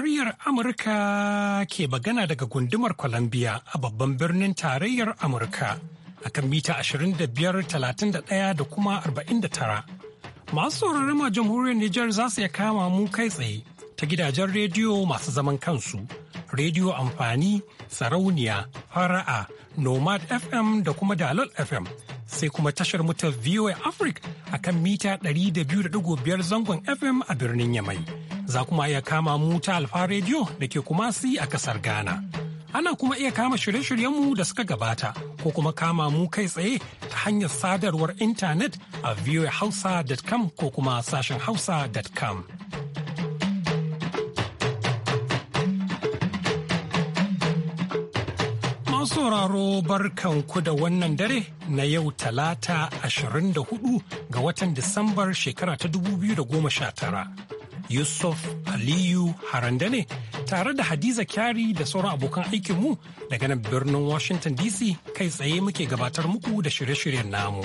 Muryar Amurka ke magana daga gundumar Columbia a babban birnin tarayyar Amurka a kan mita 25,31 da kuma 49. Masu sauraron ma jamhuriyar Nijar za su iya kama mu kai tsaye ta gidajen rediyo masu zaman kansu, rediyo amfani, sarauniya, fara'a, nomad FM da kuma dalol FM. sai kuma tashar mu ta VOA Africa a kan mita 200.5 zangon FM a birnin Yamai. za kuma iya kama mu ta Alfa rediyo da ke kuma a kasar Ghana. Ana kuma iya kama shirye-shiryenmu da suka gabata ko kuma kama mu kai tsaye ta hanyar sadarwar intanet a voahausa.com ko kuma sashen hausa.com. sauraro barkanku da wannan dare na yau talata 24 ga watan Disambar shekara ta 2019. Yusuf Aliyu ne tare da Hadiza Kyari da sauran abokan aikinmu daga nan birnin Washington DC kai tsaye muke gabatar muku da shirye-shiryen namu.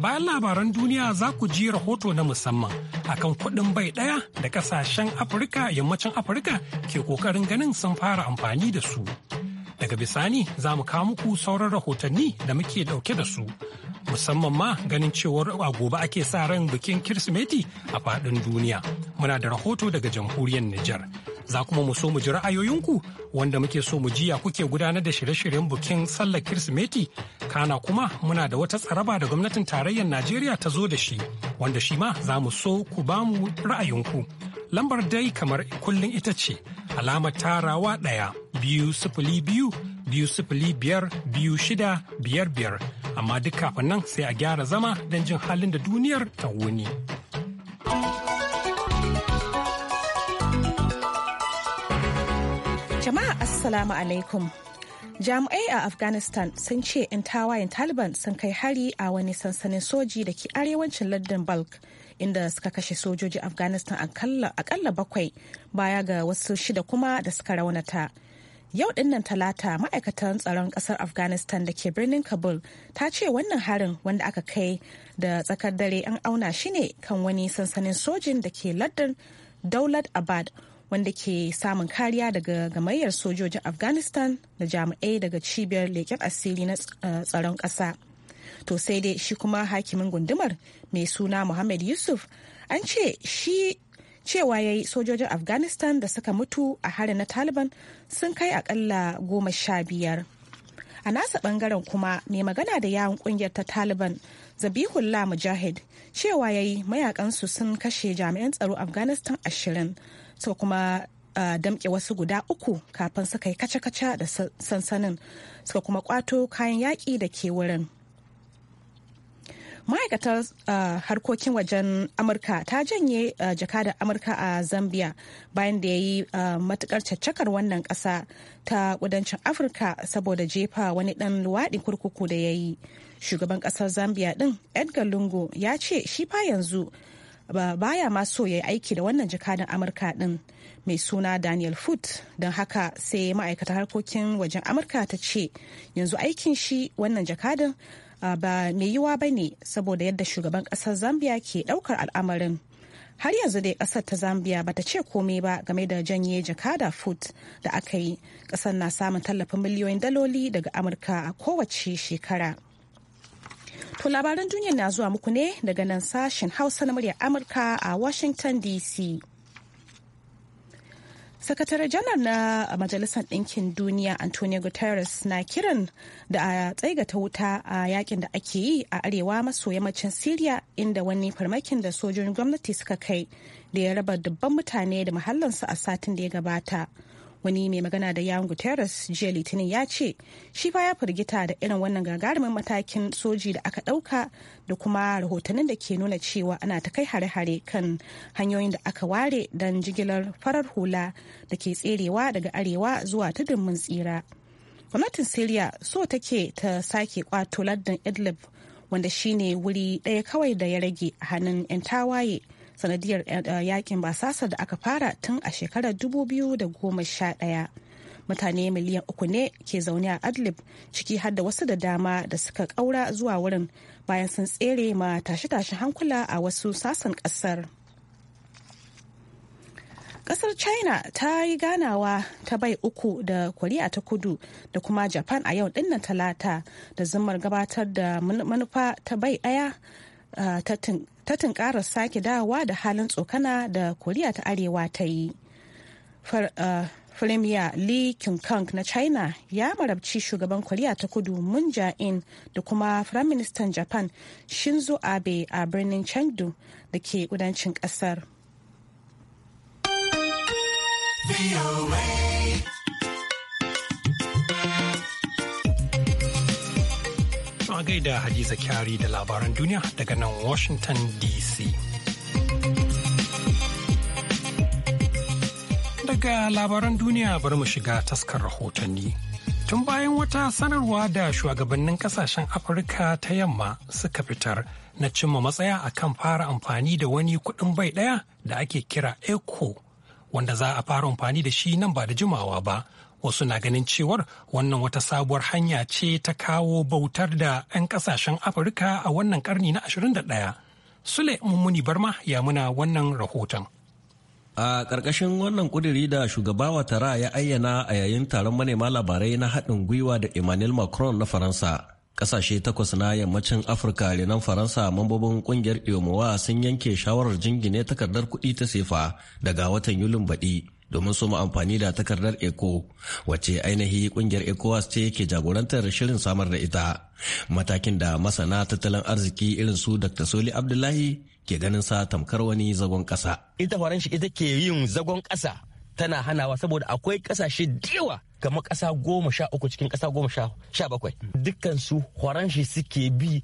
Bayan labaran duniya za ku ji rahoto na musamman akan kuɗin bai ɗaya da ƙasashen Afirka yammacin Afirka ke ƙoƙarin ganin sun fara amfani da su. Daga bisani za mu kawo muku sauran rahotanni da muke ɗauke da su. musamman ma ganin cewar a gobe ake sa ran bikin kirsimeti a faɗin duniya muna da rahoto daga jamhuriyar Nijar. za kuma mu so mu ji ra'ayoyinku wanda muke so mu jiya kuke gudanar da shirye-shiryen bukin sallar kirsimeti kana kuma muna da wata tsaraba da gwamnatin tarayyar najeriya ta zo da shi wanda shi ma za mu so ku ba mu ra'ayinku lambar dai kamar kullum ita ce alamar tarawa ɗaya biyu sifili biyu biyu sifili biyar biyu shida biyar biyar amma duk kafin nan sai a gyara zama don jin halin da duniyar ta wuni. Jama'a Assalamu alaikum. Jami'ai a Afghanistan sun ce 'yan tawayen Taliban sun kai hari a wani sansanin soji da ke arewacin lardin Balk. inda suka kashe sojoji afghanistan kalla bakwai baya ga wasu shida kuma da suka raunata yau dinnan talata ma'aikatan tsaron kasar afghanistan da ke birnin kabul ta ce wannan harin wanda aka kai da tsakar dare an auna shi ne kan wani sansanin sojin da ke lardin daulat abad wanda ke samun kariya daga gamayyar sojojin afghanistan da jami'ai daga cibiyar leƙen asiri na eh, tsaron ƙasa to sai dai shi kuma hakimin gundumar mai suna muhammad yusuf an ce shi cewa ya yi sojojin afghanistan da suka mutu a hari na taliban sun kai akalla goma sha biyar a nasa bangaren kuma mai magana da yawon kungiyar ta taliban zabihullah mujahid cewa ya yi mayakansu sun kashe jami'an tsaro afghanistan ashirin so kuma damke wasu guda uku kafin suka yi kaca-kaca da sansanin suka kuma kwato kayan yaƙi da ke wurin ma'aikatar ah, harkokin wajen amurka ta janye ah, jakadar amurka a zambia bayan da ya yi ah, matukar caccakar wannan kasa ta kudancin afirka saboda jefa wani dan luwaɗi kurkuku da ya yi shugaban kasar zambia din edgar lungu ya ce shi fa yanzu baya ma so ya yi aiki da wannan jakadan amurka din mai suna daniel foot don haka sai ma'aikatar harkokin wajen amurka ta ce yanzu aikin shi wannan jakadan ba mai yiwa ba ne saboda yadda shugaban kasar zambia ke daukar al'amarin har yanzu dai kasar ta zambia bata ce komai ba game da janye jakada foot da aka yi kasar na samun tallafin miliyoyin daloli daga amurka a kowace shekara to labaran duniya na zuwa muku ne daga nan sashen hausa na muryar amurka a washington dc sakatare janar na majalisar ɗinkin duniya antonio guterres na kiran da a tsaigata wuta a yakin da ake yi a arewa maso yammacin syria inda wani farmakin da sojojin gwamnati suka kai da ya raba dubban mutane da mahallansu a satin da ya gabata wani mai magana da yawon guterres jiya litinin ya ce shi fa ya firgita da irin wannan gagarumin matakin soji da aka ɗauka da kuma rahotannin da ke nuna cewa ana ta kai hare-hare kan hanyoyin da aka ware don jigilar farar hula da ke tserewa daga arewa zuwa tudun mun tsira gwamnatin syria so take ta sake kwato lardin idlib wanda shine wuri ɗaya kawai da ya rage a hannun 'yan tawaye sanadiyar eh, yakin basasa da aka fara tun a shekarar 2011 mutane miliyan uku ne ke zaune a adlib ciki har da wasu da dama da suka kaura zuwa wurin bayan sun tsere ma tashe-tashen hankula a wasu sassan kasar kasar china ta yi ganawa ta bai uku da koriya ta kudu da kuma japan a yau dinnan talata da zumar gabatar da manufa ta bai daya eh, ta ta tunkara sake dawowa da halin tsokana da koriya ta arewa ta yi Firimiya uh, Lee Kyung Kang na China ya marabci shugaban Koriya ta kudu Moon Jae-in da kuma Firaministan Japan Shinzo Abe a birnin Chengdu da ke kudancin kasar. gaida Hadiza Kyari da labaran duniya daga nan Washington DC. Daga labaran duniya bari mu shiga taskar rahotanni. Tun bayan wata sanarwa da shugabannin kasashen Afirka ta yamma suka fitar na cimma matsaya a kan fara amfani da wani kuɗin bai ɗaya da ake kira ECO, wanda za a fara amfani da shi nan ba da jimawa ba wasu na ganin cewar wannan wata sabuwar hanya ce ta kawo bautar da 'yan kasashen afirka a wannan karni na 21 sule mummuni barma ya muna wannan rahoton a ƙarƙashin wannan ƙudiri da shugaba tara ya ayyana a yayin taron manema labarai na haɗin gwiwa da emmanuel macron na faransa ƙasashe takwas na yammacin afirka renan faransa mambobin ƙungiyar iomowa sun yanke shawarar jingine takardar kuɗi ta sefa daga watan yulin baɗi domin su mu amfani da takardar eco wace ainihi kungiyar ecowas ce ke jagorantar shirin samar da ita matakin da masana tattalin arziki irin su dr soli abdullahi ke ganin sa tamkar wani zagon kasa ita shi ita ke yin zagon kasa tana hanawa saboda akwai kasashe yawa kamar kasa goma sha uku cikin kasa goma sha bakwai dukkan su shi suke bi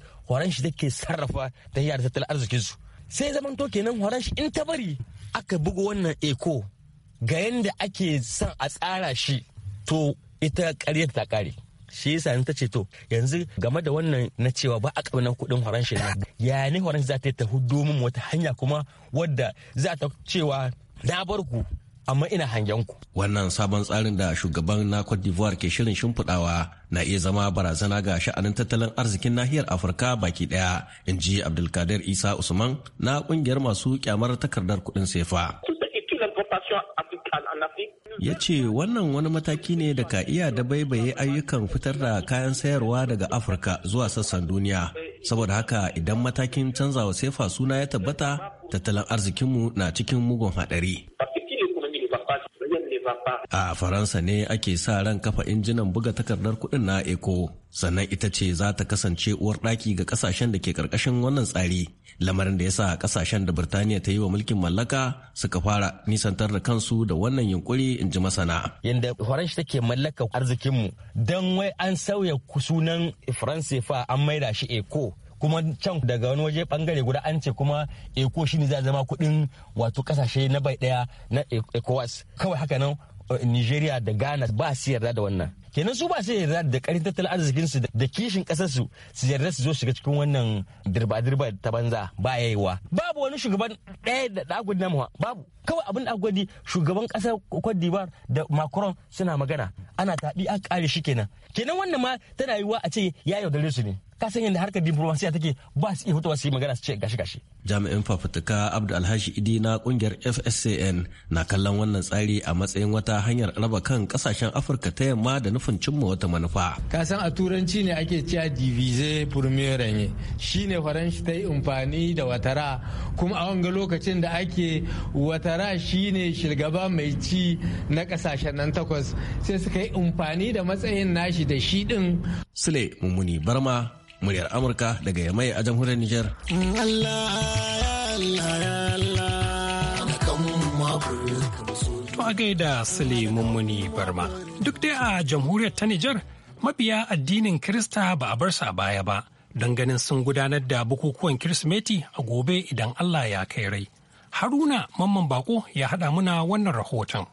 shi take sarrafa ta hiyar tattalin arzikinsu sai zaman zamanto kenan shi in ta bari aka bugu wannan eco ga yadda ake son a tsara shi to ita ƙaryar ta ƙare shi yasa ta ce to yanzu game da wannan na cewa ba a na kudin horon shi ya ne horon za ta yi ta hudu min wata hanya kuma wadda za ta cewa na bar ku amma ina hangen ku wannan sabon tsarin da shugaban na Cote d'Ivoire ke shirin shimfiɗawa na iya zama barazana ga sha'anin tattalin arzikin nahiyar Afirka baki ɗaya in ji Abdulkadir Isa Usman na ƙungiyar masu kyamar takardar kuɗin sefa Ya ce wannan wani mataki ne da ka iya dabaibaye ayyukan fitar da kayan sayarwa daga Afirka zuwa sassan duniya. Saboda haka idan matakin canzawa sefa suna ya tabbata, tattalin arzikinmu na cikin mugun hadari. a faransa ne ake sa ran kafa injinan buga takardar kudin na eco sannan ita ce za ta kasance uwar ɗaki ga kasashen da ke karkashin wannan tsari lamarin da ya sa kasashen da birtaniya ta yi wa mulkin mallaka suka fara nisantar da kansu da wannan yunkuri in ji masana yadda faransa take mallaka arzikinmu don wai an sauya sunan faransa fa an maida shi eco kuma can daga wani waje bangare guda an ce kuma eco shine za zama kudin wato kasashe na bai daya na e-, ecowas kawai haka nan Nigeria da Ghana ba su yarda da wannan. kenan su ba sai yarda da karin tattalin arzikin su da kishin kasar su yarda su zo shiga cikin wannan dirba dirba ta banza ba yayiwa babu wani shugaban ɗaya da dagud na babu kawai abin gwadi shugaban kasar Cote d'Ivoire da Macron suna magana ana taɓi a kare shi kenan kenan wannan ma tana yiwuwa a ce ya yaudare su ne ka san yadda harkar diplomasiya take ba su iya fitowa su yi magana su ce gashi gashi. Jami'in fafutuka Abdul Alhaji Idi na kungiyar FSCN na kallon wannan tsari a matsayin wata hanyar raba kan kasashen Afirka ta yamma da nufin nufin cimma wata manufa. Ka san a turanci ne ake cewa divise premier ne shine faranshi ta yi amfani da watara kuma a wanga lokacin da ake watara shine shirgaba mai ci na kasashen nan takwas sai suka yi amfani da matsayin nashi da shi din. Sule Mummuni Barma muryar Amurka daga Yamai a jamhuriyar Nijar. Allah a gaida Sule Mummuni Barma. Duk dai a jamhuriyar ta Nijar, mabiya addinin Kirista ba a bar su a baya ba, don ganin sun gudanar da bukukuwan Kirsimeti a gobe idan Allah ya kai rai. Haruna Mamman Bako ya haɗa muna wannan rahoton.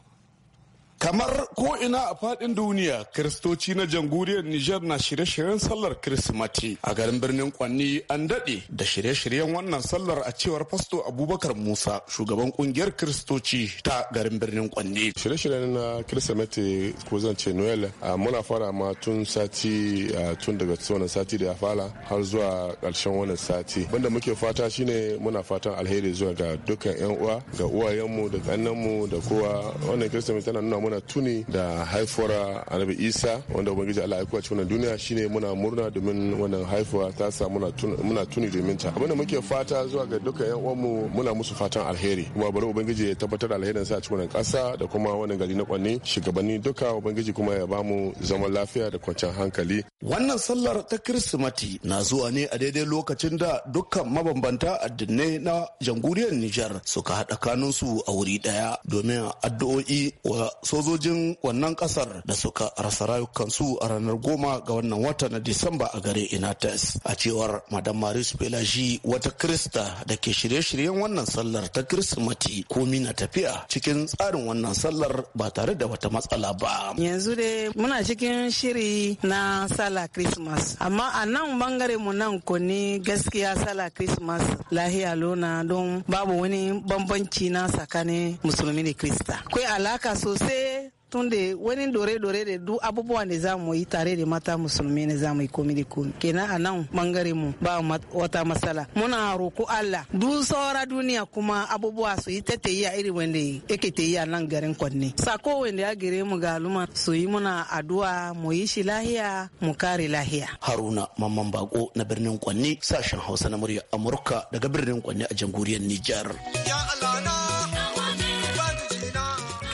Kamar ko ina a faɗin duniya, Kiristoci na jamhuriyar Nijar na shirye-shiryen sallar Kirsimati. A garin birnin Kwanni an daɗe da shirye-shiryen wannan sallar a cewar Fasto Abubakar Musa, shugaban ƙungiyar Kiristoci ta garin birnin Kwanni. Shirye-shiryen na Kirsimati ko zan ce Noel muna fara ma tun sati tun daga wannan sati da ya fara har zuwa ƙarshen wannan sati. Banda muke fata shine muna fatan alheri zuwa ga dukkan 'yan uwa, ga uwayenmu da ƙannenmu da kowa. Wannan Kirsimati tana nuna muna tuni da haifuwar annabi isa wanda ubangiji allah aikuwa cikin duniya shine muna murna domin wannan haifuwa ta sa muna tuni domin ta abinda muke fata zuwa ga duka yan uwanmu muna musu fatan alheri kuma bari ubangiji ya tabbatar alherin sa a cikin kasa da kuma wannan gari na kwanni shugabanni duka ubangiji kuma ya bamu zaman lafiya da kwanciyar hankali wannan sallar ta kirsimati na zuwa ne a daidai lokacin da dukkan mabambanta addinai na jamhuriyar nijar suka haɗa kanunsu a wuri ɗaya domin addu'o'i wa sojojin wannan kasar da suka rasa rayukansu a ranar goma ga wannan wata na Disamba a gare Inates. A cewar Madam Maris Pelashi wata Krista da ke shirye-shiryen wannan sallar ta Kirsimati komi na tafiya cikin tsarin wannan sallar ba tare da wata matsala ba. Yanzu dai muna cikin shiri na sallar Christmas. Amma a nan bangare mu nan ko ne gaskiya sallar Christmas lahiya lona don babu wani bambanci na tsakanin musulmi da Krista. Akwai alaka sosai eh tunda wani dore-dore da duk abubuwan da za mu yi tare da mata musulmi ne za mu yi komi da komi kenan a nan bangare mu ba wata matsala muna roko Allah duk saura duniya kuma abubuwa su yi ta tayiya irin wanda yake tayiya nan garin kwanne sako wanda ya gire mu ga luma su yi muna addu'a mu yi shi lahiya mu kare lahiya Haruna Mamman Bako na birnin Kwanne sashen Hausa na murya Amurka daga birnin Kwanne a jamhuriyar Nijar ya Allah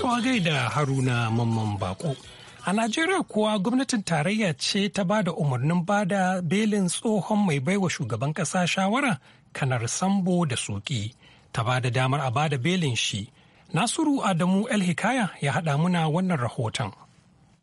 To gaida Haruna Mamman Bako. A Najeriya kuwa gwamnatin tarayya ce ta ba da umarnin bada belin tsohon mai baiwa shugaban kasa shawara kanar sambo da soki ta ba da damar a bada belin shi. Nasiru Adamu El Hikaya ya haɗa muna wannan rahoton.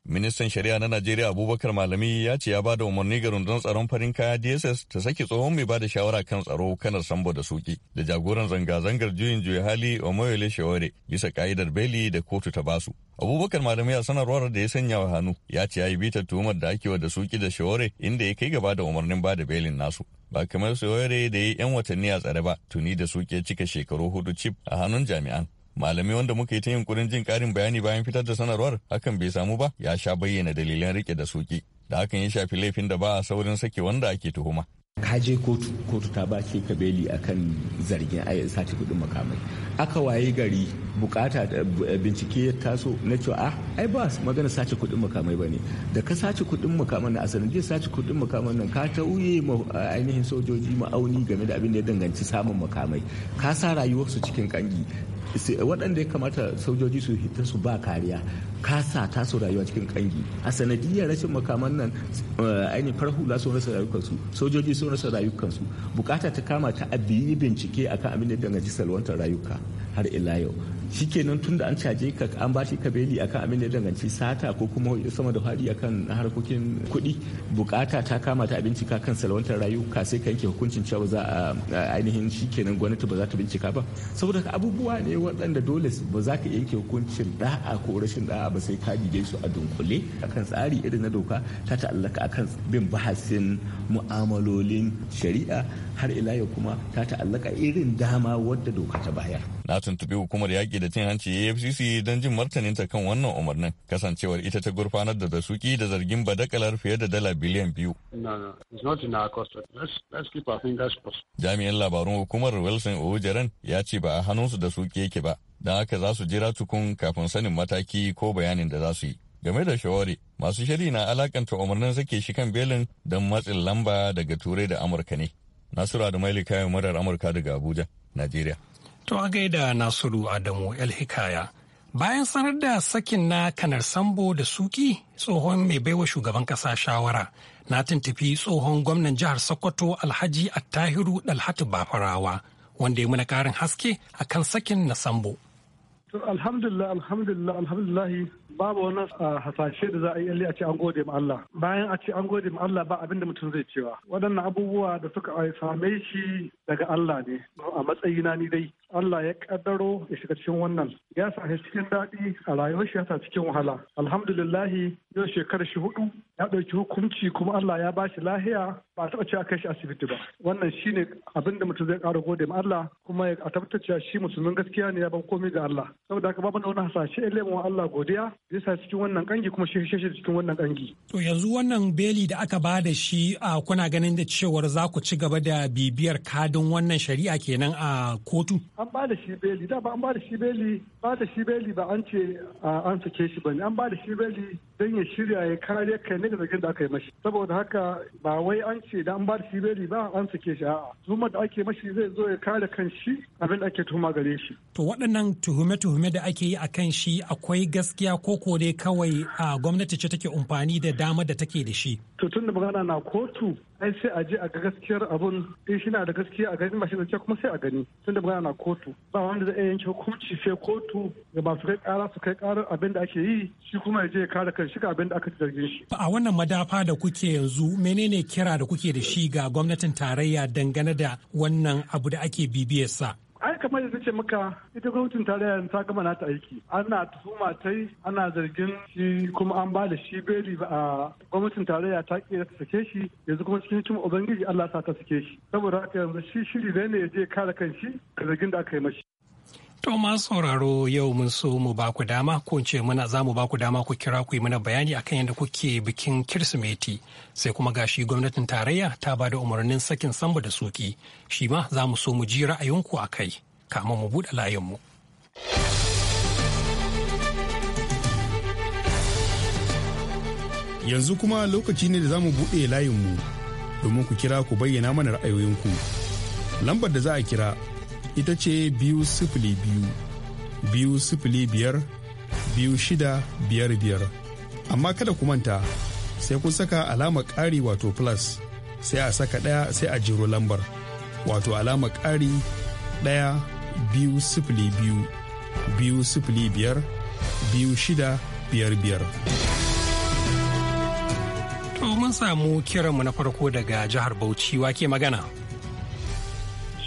Ministan Shari'a na Najeriya Abubakar Malami ya ce ya bada umarni ga rundunar tsaron farin kaya DSS ta saki tsohon mai bada shawara kan tsaro kanar Sambo da Suki da jagoran zanga-zangar juyin juya hali Omoyole Shaware bisa ka'idar beli da kotu ta basu. Abubakar Malami a sanarwar da ya sanya wa hannu ya ce ya yi bitar tuhumar da ake wa da Suki da Shaware inda ya kai gaba da umarnin bada belin nasu. Ba kamar Shaware da ya yi 'yan watanni a tsare ba tuni da Suki ya cika shekaru hudu cif a hannun jami'an. malami wanda muka yi ta yunkurin jin karin bayani bayan fitar da sanarwar hakan bai samu ba ya sha bayyana dalilan rike da soki da hakan ya shafi laifin da ba a saurin sake wanda ake tuhuma kaje kotu kotu ta ba ka beli akan zargin a sati kudin makamai aka waye gari bukata eh, bincike ya taso na cewa a ah, ai ba magana sace kudin makamai ba ne da ka sace kudin makamai na asalin zai sace kudin makamai nan ka tauye ma eh, ainihin sojoji ma'auni game da abin da ya danganci samun makamai ka sa rayuwarsu cikin kangi waɗanda ya kamata sojoji su hita su ba kariya ka sa ta su rayuwa cikin kangi a sanadiyar rashin makaman nan eh, ainihin farar hula so rasa rayukansu sojoji so rasa rayukansu bukata ta kama ta abin bincike bincike akan abin da danganci salwantar rayuka har ila yau shikenan tun da an caje ka an ba shi kabeli akan abin da ya danganci sata ko kuma sama da fadi akan harkokin kuɗi bukata ta kama ta bincika kan salwantar rayuka sai ka yanke hukuncin cewa za a ainihin shikenan gwamnati ba za ta bincika ba saboda abubuwa ne waɗanda dole ba za ka yanke hukuncin da'a ko rashin da'a ba sai ka dide su a dunkule akan tsari irin na doka ta ta'allaka akan bin bahasin mu'amalolin shari'a har ila yau kuma ta ta'allaka irin dama wadda doka ta bayar na tuntubi hukumar yaƙi da cin hanci afcc don jin martaninta kan wannan umarnin kasancewar ita ta gurfanar da dasuki da zargin badakalar fiye da dala biliyan biyu jami'in labarun hukumar wilson ojeren ya ce ba a hannunsu da suki yake ba don haka za su jira tukun kafin sanin mataki ko bayanin da za su yi game da shawari masu shari na alakanta umarnin sake shi kan belin don matsin lamba daga turai da amurka ne nasura da maili kayan murar amurka daga abuja najeriya To a gaida Nasiru Adamu El Hikaya. Bayan sanar da sakin na kanar sambo da suki tsohon mai baiwa shugaban kasa shawara na tuntufi tsohon gwamnan jihar Sokoto Alhaji Attahiru Dalhatu Bafarawa wanda ya muna karin haske a kan sakin na sambo. To alhamdulillah alhamdulillah alhamdulillah babu wani ah, hasashe da za a yi a ce an gode ma Allah bayan a ce an gode ma Allah ba abin da mutum zai cewa waɗannan abubuwa da suka ah, same shi daga Allah ne a matsayina ni dai Allah ya kaddaro ya shiga cikin wannan ya sa cikin daɗi a rayuwar shi ya cikin wahala alhamdulillahi yau shekarar shi hudu ya ɗauki hukunci kuma Allah ya bashi lahiya ba a taɓa cewa kai shi asibiti ba wannan shine abin da mutum zai ƙara gode ma Allah kuma a tabbatar cewa shi musulmin gaskiya ne ya ban komai ga Allah saboda haka babu wani hasashe ya wa Allah godiya ya sa cikin wannan kangi kuma shi shi cikin wannan kangi to yanzu wannan beli da aka ba da shi a kuna ganin da cewar za ku ci gaba da bibiyar kadin wannan shari'a kenan a kotu an ba da shi beli da ba an ba da shi beli ba da shibeli ba an ce an sake shi bane an ba da shi beli don ya shirya ya kare kai ne da da aka yi mashi saboda haka ba wai an ce da an ba da shi beli ba an sake shi a'a tuhumar da ake mashi zai zo ya kare kan shi abin da ake tuhuma gare shi to waɗannan tuhume-tuhume da ake yi akan shi akwai gaskiya ko ko dai kawai a gwamnati ce take amfani da dama da take da shi to tun da magana na kotu ai sai a je a ga gaskiyar abun in eh, shi na da gaskiya a gani ba shi da kuma sai a gani tun da magana na kotu ba wanda zai yanke hukunci sai kotu ga masu kai kara su kai karar abin da ake yi shi kuma ya je ya kare kan shiga abin da aka zarge shi a wannan madafa da kuke yanzu menene kira da kuke da shi ga gwamnatin tarayya dangane da wannan abu da ake bibiyarsa ai kamar da ce maka ita gwamnatin tarayya ta gama nata aiki ana tuhuma ta yi ana zargin shi kuma an ba da shi beli a gwamnatin tarayya ta ke ta sake shi yanzu kuma cikin cin ubangiji Allah sa ta sake shi saboda haka yanzu shi shiri ne ya je kare kan shi ka zargin da aka yi mashi Toma sauraro yau mun so mu ba ku dama ko ce muna za mu ba ku dama ku kira ku yi mana bayani akan yadda kuke bikin Kirsimeti sai kuma gashi gwamnatin tarayya ta ba da umarnin sakin samba da suki shi ma za mu so mu ji ra'ayinku a kai kama mu buɗe layinmu. Yanzu kuma lokaci ne da za mu buɗe layinmu domin ku kira ku bayyana mana ra'ayoyinku. Lambar da za a kira ita ce biyu sifili biyu biyu sifili biyar biyu shida biyar biyar amma kada ku manta sai kun saka alama ƙari wato plus sai a saka ɗaya sai a jiro lambar wato alama ƙari ɗaya biyu sifili biyu biyu sifili biyar biyu shida biyar biyar. To samu kiranmu na farko daga jihar Bauchi wake magana.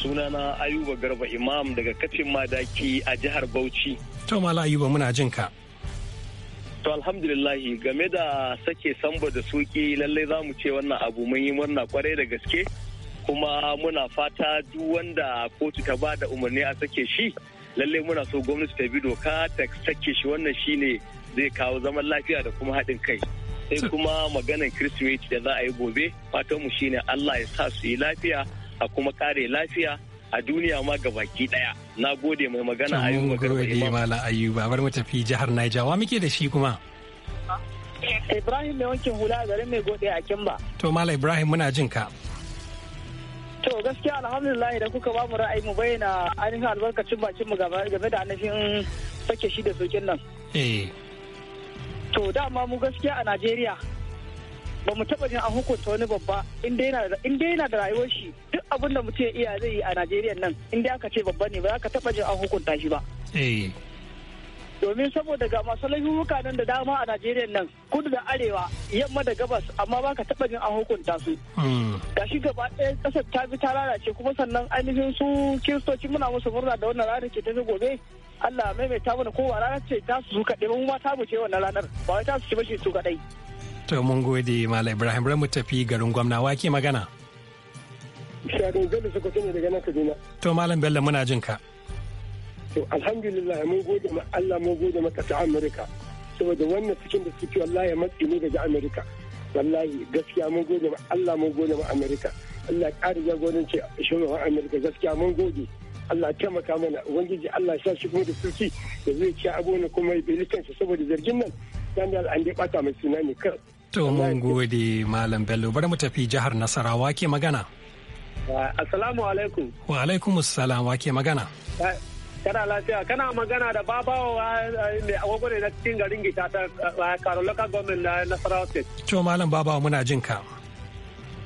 sunana ayuba garba imam daga kafin madaki a jihar bauchi to mala ayuba muna jin ka to alhamdulillahi game da sake samba da suki lallai za mu ce wannan abu mun yi murna kwarai da gaske kuma muna fata duk wanda kotu ta ba da umarni a sake shi lallai muna so gwamnati ta bi doka ta sake shi wannan shine zai kawo zaman lafiya da kuma haɗin kai sai kuma maganan kirsimeti da za a yi gobe fatanmu shine allah ya sa su yi lafiya a kuma kare lafiya a duniya ma ga baki daya na gode mai magana a yi magana ayuba bar mu tafi jihar naija wa muke da shi kuma ibrahim mai wankin hula garin mai gode a kimba to mala ibrahim muna jin ka to gaskiya alhamdulillah da kuka ba mu ra'ayi mu bayyana ainihin albarkacin bakin mu game da ainihin sake shi da sokin nan eh. to dama mu gaskiya a najeriya ba mu taba jin an hukunta wani babba in dai yana da rayuwar shi abin da mutum iya zai yi a najeriya nan inda aka ce babba ne ba za ka taba jin an hukunta shi ba eh. domin saboda ga masu laifuka nan da dama a najeriya nan kudu da arewa yamma da gabas amma ba ka taba jin an hukunta su hmm. ga shi gaba ɗaya ƙasar ta bi ta lalace kuma sannan ainihin su kiristoci muna musu murna da wannan ranar ke tafi gobe allah maimaita mana kowa ranar ce ta su kaɗai mu ma ta mu ce wannan ranar ba wai ta su ci bashi su kaɗai. to mun gode malam ibrahim Ramu tafi garin gwamna wake magana. Shagon Bello Sokoto ne daga nan Kaduna. To Malam Bello muna jin ka. To alhamdulillah mun gode ma Allah mun gode ma ƙasar Amurka. Saboda wannan cikin da suke wallahi matsi ne daga Amurka. Wallahi gaskiya mun gode ma Allah mun gode ma Amurka. Allah ƙara jagoranci shugaban Amurka gaskiya mun gode. Allah taimaka mana ubangiji Allah ya shi kuma da sulki da zai ci abubuwan kuma ya bai kansa saboda zargin nan dan da an bata mai suna ne kar. To mun gode Malam Bello bari mu tafi jihar Nasarawa ke magana. Assalamu alaikum. Wa alaikum assalam wa ke magana. Kana lafiya kana magana da babawa eh, mai agogo ne na cikin garin gita ta Karo local government na Nasarawa state. Cewa malam babawa muna jin ka.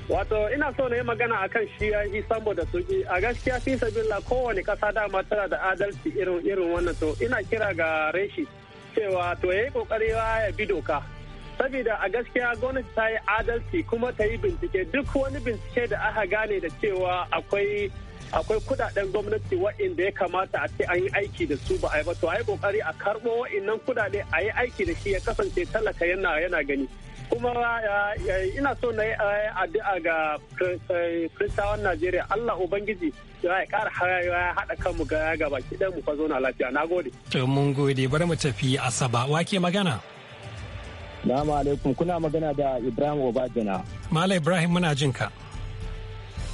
Wato ina so na yi magana a kan shi yi eh, sambo da su a gaskiya fi sabila kowane kasa dama tana da adalci irin wannan to ina kira ga reshi cewa to yayi kokari ya bi doka saboda a gaskiya gwamnati ta yi adalci kuma ta yi bincike duk wani bincike da aka gane da cewa akwai akwai kudaden gwamnati waɗanda ya kamata a ce an yi aiki da su ba a yi ba to a yi kokari a karɓo waɗannan kudade a yi aiki da shi ya kasance talaka yana yana gani kuma ina so na yi eh, addu'a ga kristawan eh, najeriya allah ubangiji ya ƙara haɗa kanmu ga gaba ki mu fa na lafiya na gode. mun gode bari mu tafi asaba wake magana. Salamu alaikum kuna magana da Ibrahim Obajana. Mala Ibrahim muna jin ka.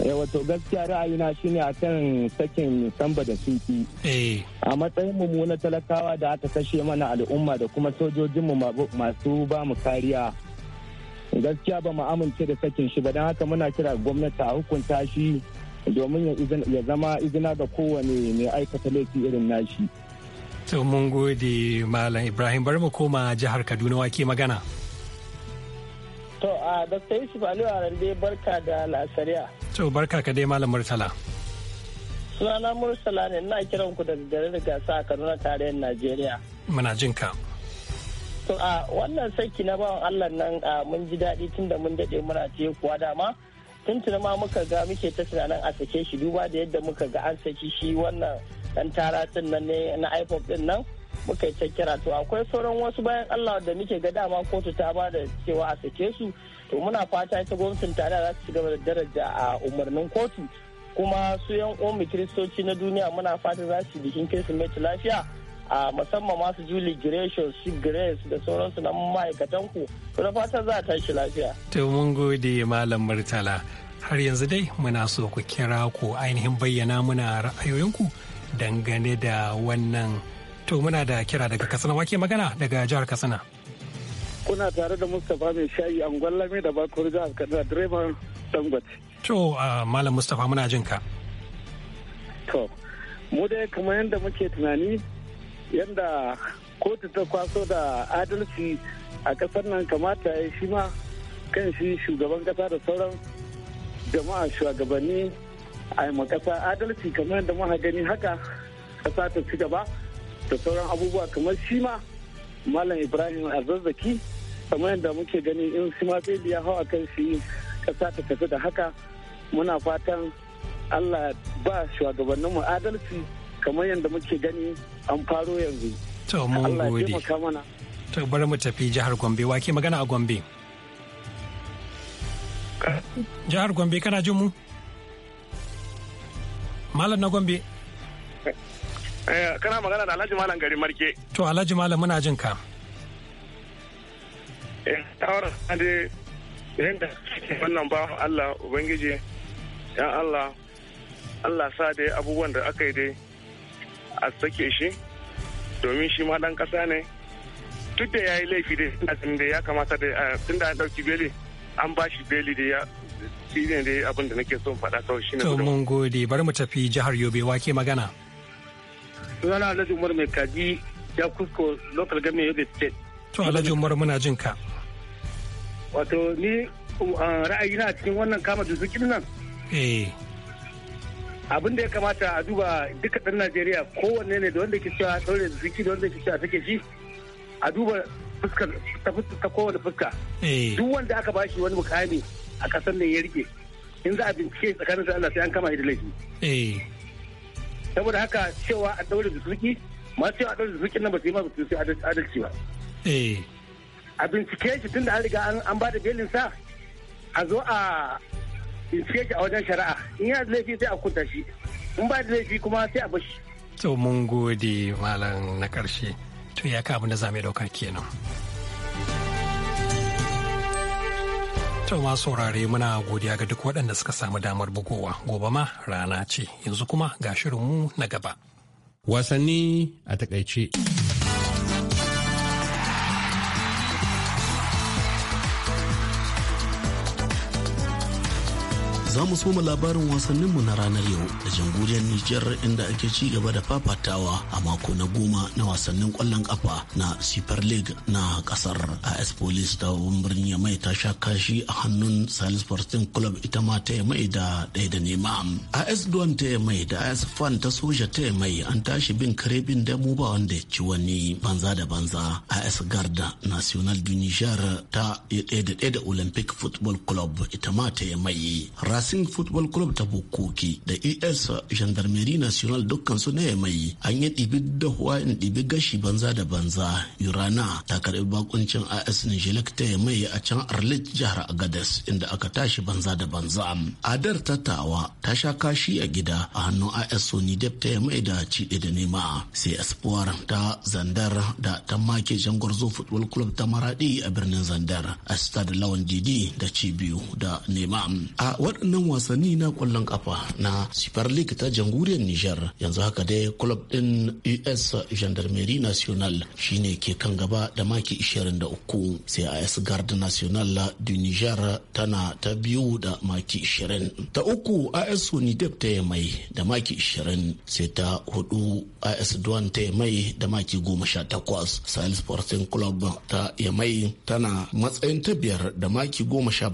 Eh, wato gaskiya ra'ayina shine akan sakin samba da suki. Eh. A matsayin mu na talakawa da aka kashe mana al'umma da kuma sojojin mu masu ba mu kariya. Gaskiya ba mu amince da sakin shi ba don haka muna kira gwamnati a hukunta shi domin ya zama izina ga kowane mai aikata laifi irin nashi. To mun gode Malam Ibrahim bari mu koma jihar Kaduna wake magana. To a Dr. Yusuf Ali dai barka da lasariya. To barka ka dai Malam Murtala. Sunana Murtala ne na kiran ku daga garin gasa a Kaduna tarayyar Najeriya. Muna jin ka. To a wannan saki na bawan Allah nan mun ji daɗi tun da mun daɗe muna ce kuwa dama. Tuntuna ma muka ga muke ta tunanin a sake shi duba da yadda muka ga an saki shi wannan tara taratin nan ne na ipop din nan muka yi kira to akwai sauran wasu bayan allah da muke ga dama kotu ta ba da cewa a sake su to muna fata ita gwamnatin tare za su ci gaba da daraja a umarnin kotu kuma su yan omi kiristoci na duniya muna fata za su bikin kirismeti lafiya a musamman masu juli gresham su grace da sauransu na ma'aikatan ku da fata za ta shi lafiya to mun gode malam murtala har yanzu dai muna so ku kira ku ainihin bayyana muna ra'ayoyinku dangane da wannan to muna da kira daga katsina wake magana daga jihar katsina kuna tare da mustapha mai shayi angon lami da bakwai jihar katsina direban dangote to malam mustapha muna jin ka to mu dai kamar yadda muke tunani yadda kotu ta kwaso da adalci a kasar nan kamata ya shi ma kan shi shugaban kasa da sauran jama'a shugabanni a ma makasa adalci kamar yadda muka gani haka kasa ta ci gaba da sauran abubuwa kamar shi ma malam ibrahim azazzaki kamar yadda muke gani in shi ma zai biya hawa kan shi kasa ta tafi da haka muna fatan allah ba mu adalci kamar yadda muke gani an faro yanzu to mun gode to bari mu tafi jihar gombe wa ke magana a gombe jihar gombe kana jin mu Malam na Gombe. Eh, kana magana da Alhaji Malam gari Marke. To Alhaji Malam muna jin ka. Eh, yadda wannan ba Allah Ubangiji, ‘yan Allah, Allah sa dai abubuwan da aka yi dai a sake shi, domin shi ma kasa ƙasa ne. Duk da ya yi laifi dai, da ya kamata da eh, tun da an ɗauki beli, an ba shi beli da shi ne dai abin da nake son faɗa kawai shi ne to mun gode bari mu tafi jihar yobe wake magana sunana alhaji umar mai kaji ya kusko local government yobe state to alhaji umar muna jin ka wato ni um, ra'ayi na cikin wannan kama dusukin nan eh abin da ya kamata a duba duka ɗan najeriya kowanne ne da wanda ke cewa ɗaure ziki da wanda ke cewa take shi a duba fuskar ta kowane fuska eh. duk wanda aka bashi wani mukami a kasar ne ya rike in za a bincike tsakanin sai Allah sai an kama shi da laifi eh. saboda haka cewa a daure da suki ma cewa a daure da suki nan ba su yi ma su adalci ba eh. a bincike shi da an riga an ba da belin sa a zo a bincike shi a wajen shari'a in ya da laifi sai a kunta shi in ba da laifi kuma sai a bashi to mun gode malam na karshe to ya ka abin da za mu dauka kenan To ma saurare muna godiya ga duk waɗanda suka samu damar bugowa gobe ma rana ce yanzu kuma ga shirinmu na gaba. Wasanni a takaice. za mu soma labarin wasanninmu na ranar yau da jamhuriyar Nijar inda ake ci gaba da fafatawa a mako na goma na wasannin kwallon kafa na Super League na kasar AS Police ta birnin Yamai ta sha kashi a hannun Salis Sporting Club ita ma ta Yamai da ɗaya da nema. AS Duan ta Yamai da AS Fan ta Soja ta Yamai an tashi bin kare bin da mu ba wanda ci wani banza da banza AS Garda National de Niger ta ɗaya da ɗaya da Olympic Football Club ita ma ta Yamai. racing football club ta bukoki da as e gendarmerie national dukkan su ne mai an yi ɗibi dahuwa in ɗibi gashi banza da banza urana ta karɓi bakuncin as nijelek ta mai a can Arlet jihar agadas inda aka tashi banza da banza adar ta tawa ta sha kashi a gida a hannun as sony dep ta mai da ciɗe da nema sai espoir ta zandar da ta make jangwarzo football club ta maraɗi a birnin zandar a stade lawan didi da cibiyu da nema a waɗannan waɗannan wasanni na kwallon kafa na Super League ta jamhuriyar Niger, Yanzu haka dai club ɗin US Gendarmerie National shine ke kan gaba da maki 23 sai AS Guard National du Niger tana ta biyu da maki 20. Ta uku AS Sonidep ta yi mai da maki 20 sai ta hudu AS Duan ta yi mai da maki 18. Sahel Sporting Club ta yi mai tana matsayin ta biyar da maki 17.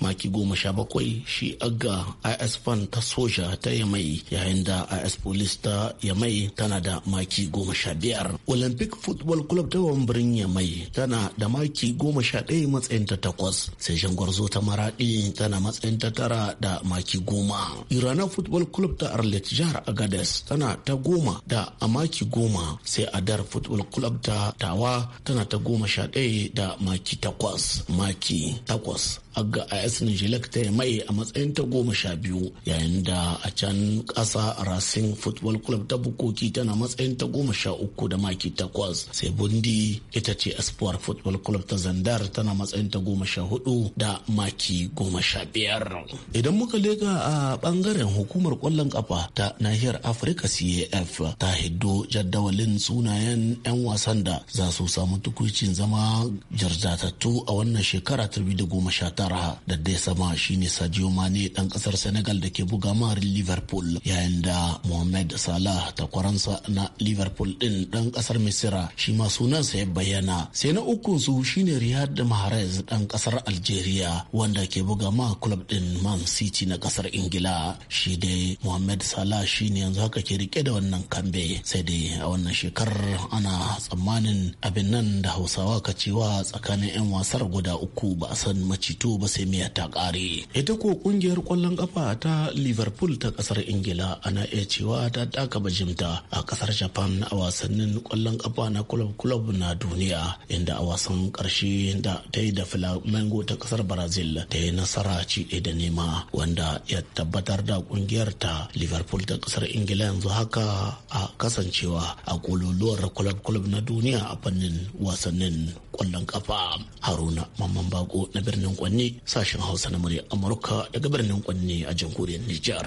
Maki 17 shi aga agga is fan ta soja ta yamai yayin da is police ta yamai tana da maki goma sha biyar olympic football club ta wambirin yamai tana da maki goma sha ɗaya matsayin ta takwas sai shangwarzo ta maraɗi tana matsayin ta tara da maki goma irana football club ta arlet jihar agades tana ta goma da a maki goma sai adar football club ta tawa tana ta goma sha ɗaya da maki takwas maki takwas a is nijilak ta mai a matsayin ta goma sha biyu yayin da a can ƙasa racing football club ta bukoki tana matsayin ta goma sha uku da maki takwas sai bundi ita ce espoir football club ta zandar tana matsayin ta goma sha hudu da maki goma sha biyar idan muka lega a bangaren hukumar kwallon kafa ta nahiyar afirka caf ta hiddo jadawalin sunayen 'yan wasan da za su samu tukucin zama jarzatattu a wannan shekara ta 2019 nasara da dai sama shine Sadio Mane dan kasar Senegal da ke buga mahar Liverpool yayin da Mohamed Salah takwaransa na Liverpool din dan kasar Misira shi ma sunansa ya bayyana sai na ukun su shine Riyad Mahrez dan kasar Algeria wanda ke buga ma club din Man City na kasar Ingila shi dai Mohamed Salah shine yanzu haka ke rike da wannan kambe sai dai a wannan shekarar ana tsammanin abin nan da Hausawa ka cewa tsakanin 'yan wasar guda uku ba a san macito ba sai miya ta ƙare ita ko kungiyar kwallon ƙafa ta liverpool ta ƙasar ingila ana iya cewa ta taka bajimta a ƙasar japan na a wasannin ƙwallon ƙafa na club club na duniya inda a wasan ƙarshe da ta yi da flamengo ta ƙasar brazil ta yi nasara ci da nema wanda ya tabbatar da kungiyar ta liverpool ta ƙasar ingila yanzu haka a kasancewa a kololuwar club club na duniya a fannin wasannin ƙwallon ƙafa haruna mamman bako na birnin kwanne ne sashen Hausa na murya Amurka daga birnin Kwanne a jamhuriyar Nijar.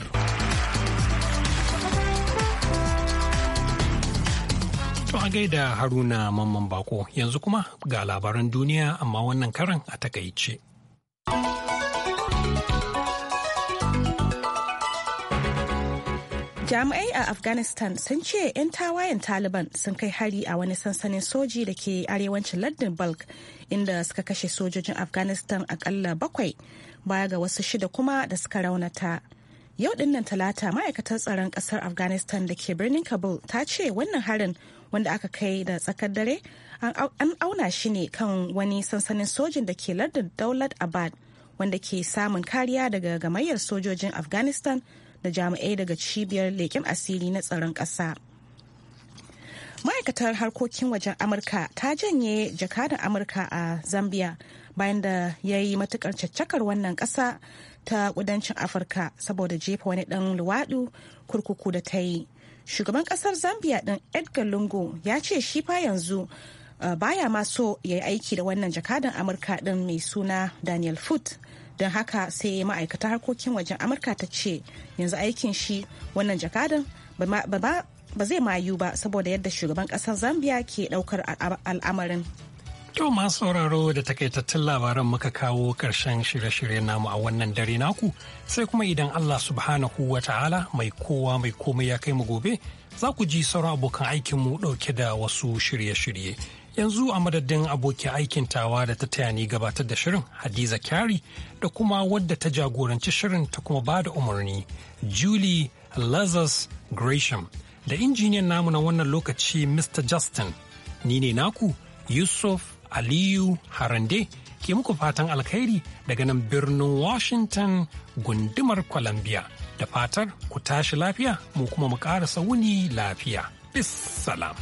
To a gaida Haruna Mamman Bako yanzu kuma ga labaran duniya amma wannan karan a takaice. jami'ai a afghanistan sun ce 'yan tawayen taliban sun kai hari a wani sansanin soji da ke arewacin lardin balk inda suka kashe sojojin afghanistan akalla bakwai baya ga wasu shida kuma da suka raunata yau dinnan talata ma'aikatar tsaron kasar afghanistan da ke birnin kabul ta ce wannan harin wanda aka kai da tsakar dare an auna shi ne kan wani sansanin sojin da ke lardin daulat abad wanda ke samun kariya daga gamayyar sojojin afghanistan da jami'ai daga cibiyar leƙen asiri na tsaron ƙasa ma'aikatar harkokin wajen amurka ta janye jakadan amurka a zambia bayan da ya yi matukar caccakar wannan ƙasa ta kudancin afirka saboda jefa wani ɗan luwaɗu kurkuku da ta yi shugaban ƙasar zambia ɗin edgar lungu ya ce shi fa yanzu uh, baya ma so ya yi aiki da wannan jakadan amurka ɗin mai suna daniel foot don haka sai ma'aikata harkokin wajen amurka ta ce yanzu aikin shi wannan jakadan ba zai mayu ba saboda yadda shugaban kasar zambia ke daukar al'amarin To masu sauraro da takaitattun labaran muka kawo karshen shirye-shiryen namu a wannan dare naku sai kuma idan Allah subhanahu wa ta'ala mai kowa mai komai ya kai mu gobe za ku ji sauran abokan aikinmu ɗauke da wasu shirye-shirye. Yanzu a madadin abokin aikin tawa da ta taya ni gabatar da shirin Hadiza Kyari da kuma wadda ta jagoranci shirin ta kuma ba da umarni Julie Lazarus Gresham da injiniyan namu na wannan lokaci Mr. Justin. Ni ne naku Yusuf Aliyu Harande ke muku fatan alkhairi daga nan birnin Washington gundumar Columbia. da fatar ku tashi lafiya mu kuma mu ƙara sauni lafiya bis salam